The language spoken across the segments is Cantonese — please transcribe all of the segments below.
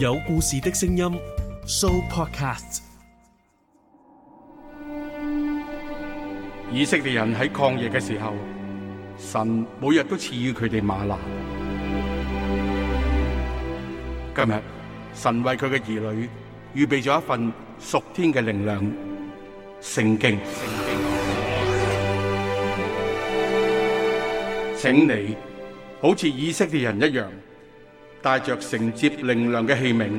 有故事的聲音，Show Podcast。以色列人喺曠野嘅時候，神每日都賜予佢哋嗎哪。今日神為佢嘅兒女預備咗一份屬天嘅靈糧，聖經，請你好似以色列人一樣。帶着承接靈糧嘅器皿，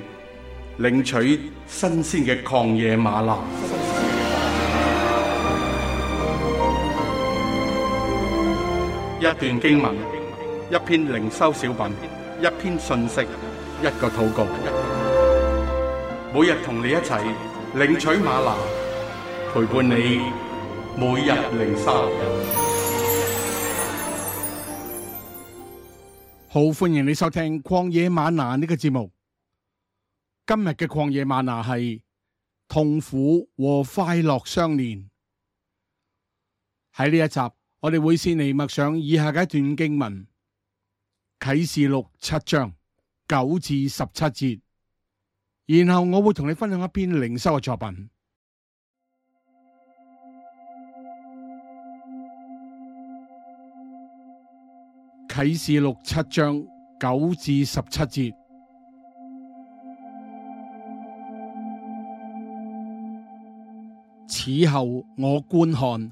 領取新鮮嘅曠野嗎哪。 一段經文，一篇靈修小品，一篇信息，一個禱告。每日同你一齊領取嗎哪，陪伴你每日靈修。好，歡迎你收聽曠野嗎哪呢個節目。今日嘅曠野嗎哪係痛苦和快樂相連。喺呢一集，我哋會先嚟默想以下嘅一段經文：啟示錄七章九至十七節。然後我會同你分享一篇靈修嘅作品。啟示錄七章九至十七節。此後，我觀看，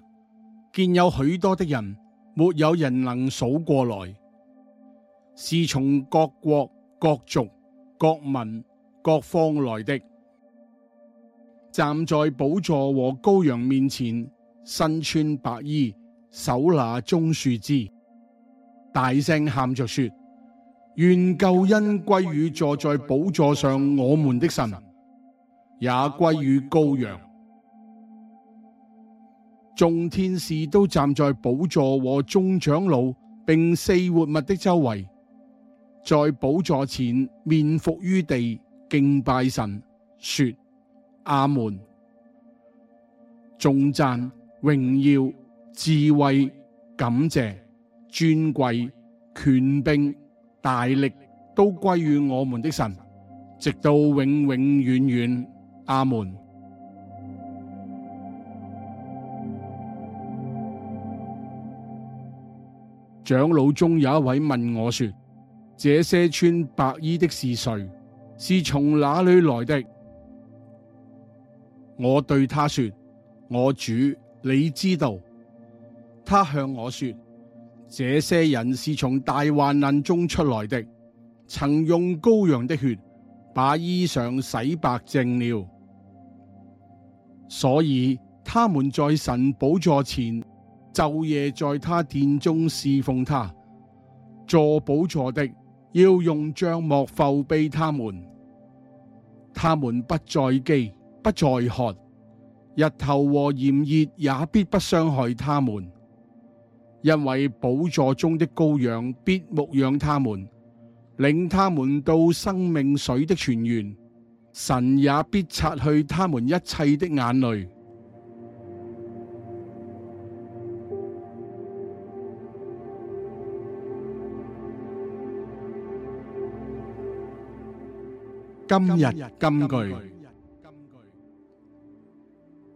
見有許多的人，沒有人能數過來，是從各國、各族、各民、各方來的，站在寶座和羔羊面前，身穿白衣，手拿棕樹枝。大聲喊着說：願救恩歸於坐在寶座上我們的神，也歸於羔羊。眾天使都站在寶座和眾長老並四活物的周圍，在寶座前面伏於地敬拜神，說：阿門！頌讚、榮耀、智慧、感謝。尊貴、權柄、大力都歸於我們的神，直到永永遠遠。阿門。 長老中有一位問我說：這些穿白衣的是誰？是從哪裏來的？我對他說：我主，你知道。他向我說：這些人是從大患難中出來的，曾用羔羊的血把衣裳洗白淨了，所以他們在神寶座前晝夜在他殿中侍奉他。坐寶座的要用帳幕覆庇他們，他們不再饑，不再渴，日頭和炎熱也必不傷害他們。因為寶座中的羔羊必牧養他們，領他們到生命水的泉源，神也必擦去他們一切的眼淚。今日金句：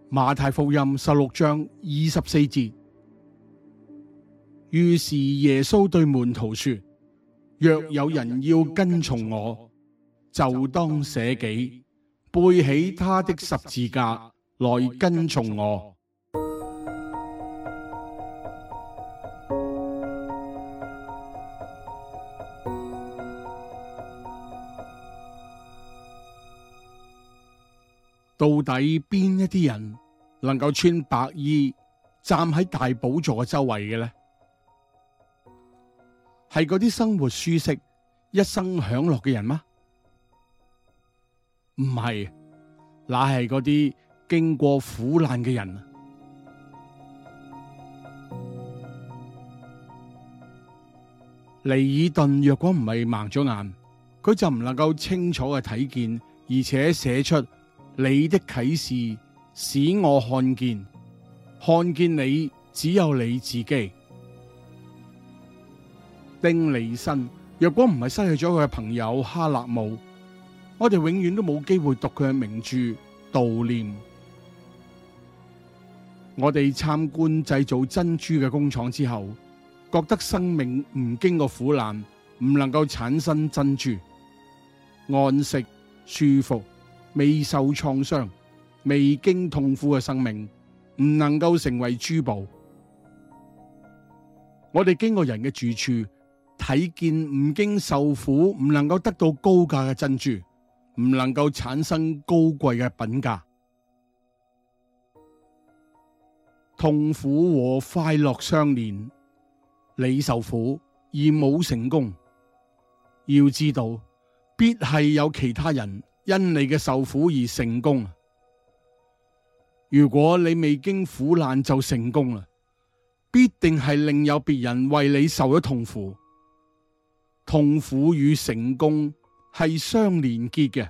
馬太福音十六章二十四節。於是耶穌對門徒説：「若有人要跟從我，就當捨己，背起他的十字架來跟從我。到底邊一啲人能夠穿白衣站喺大寶座嘅周圍嘅呢？」係嗰啲生活舒適、一生享樂嘅人嗎？唔係，那係嗰啲經過苦難嘅人。彌爾頓若果唔係盲咗眼，佢就唔能夠清楚嘅睇見，而且寫出：「你的啟示，使我看見，看見你只有你自己。丁尼生若果唔係失去咗佢嘅朋友哈納姆，我哋永遠都冇機會讀佢嘅名著《悼念》。我哋參觀製造珍珠嘅工廠之後，覺得生命唔經過苦難，唔能夠產生珍珠；安適舒服、未受創傷、未經痛苦嘅生命，唔能夠成為珠寶。我哋經過人嘅住處。睇見唔經受苦，唔能夠得到高價嘅珍珠，唔能夠產生高貴嘅品格。痛苦和快樂相連，你受苦而冇成功，要知道必係有其他人因你嘅受苦而成功。如果你未經苦難就成功啦，必定係另有別人為你受咗痛苦。痛苦與成功係相連結嘅。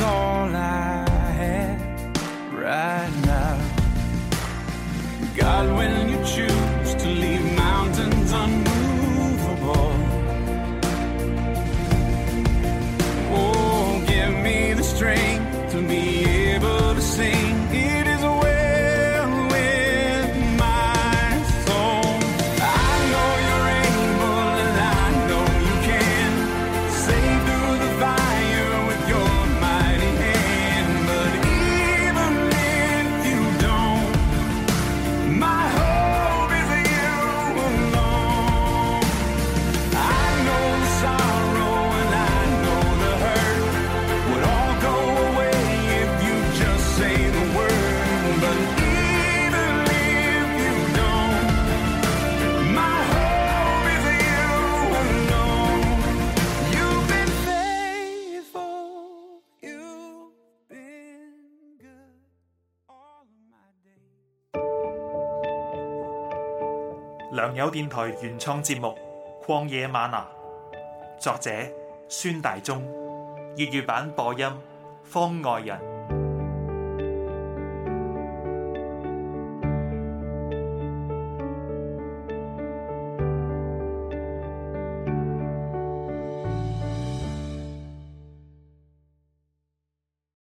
良友電台原創節目《曠野嗎哪》，作者孫大中，粵語版播音方外人。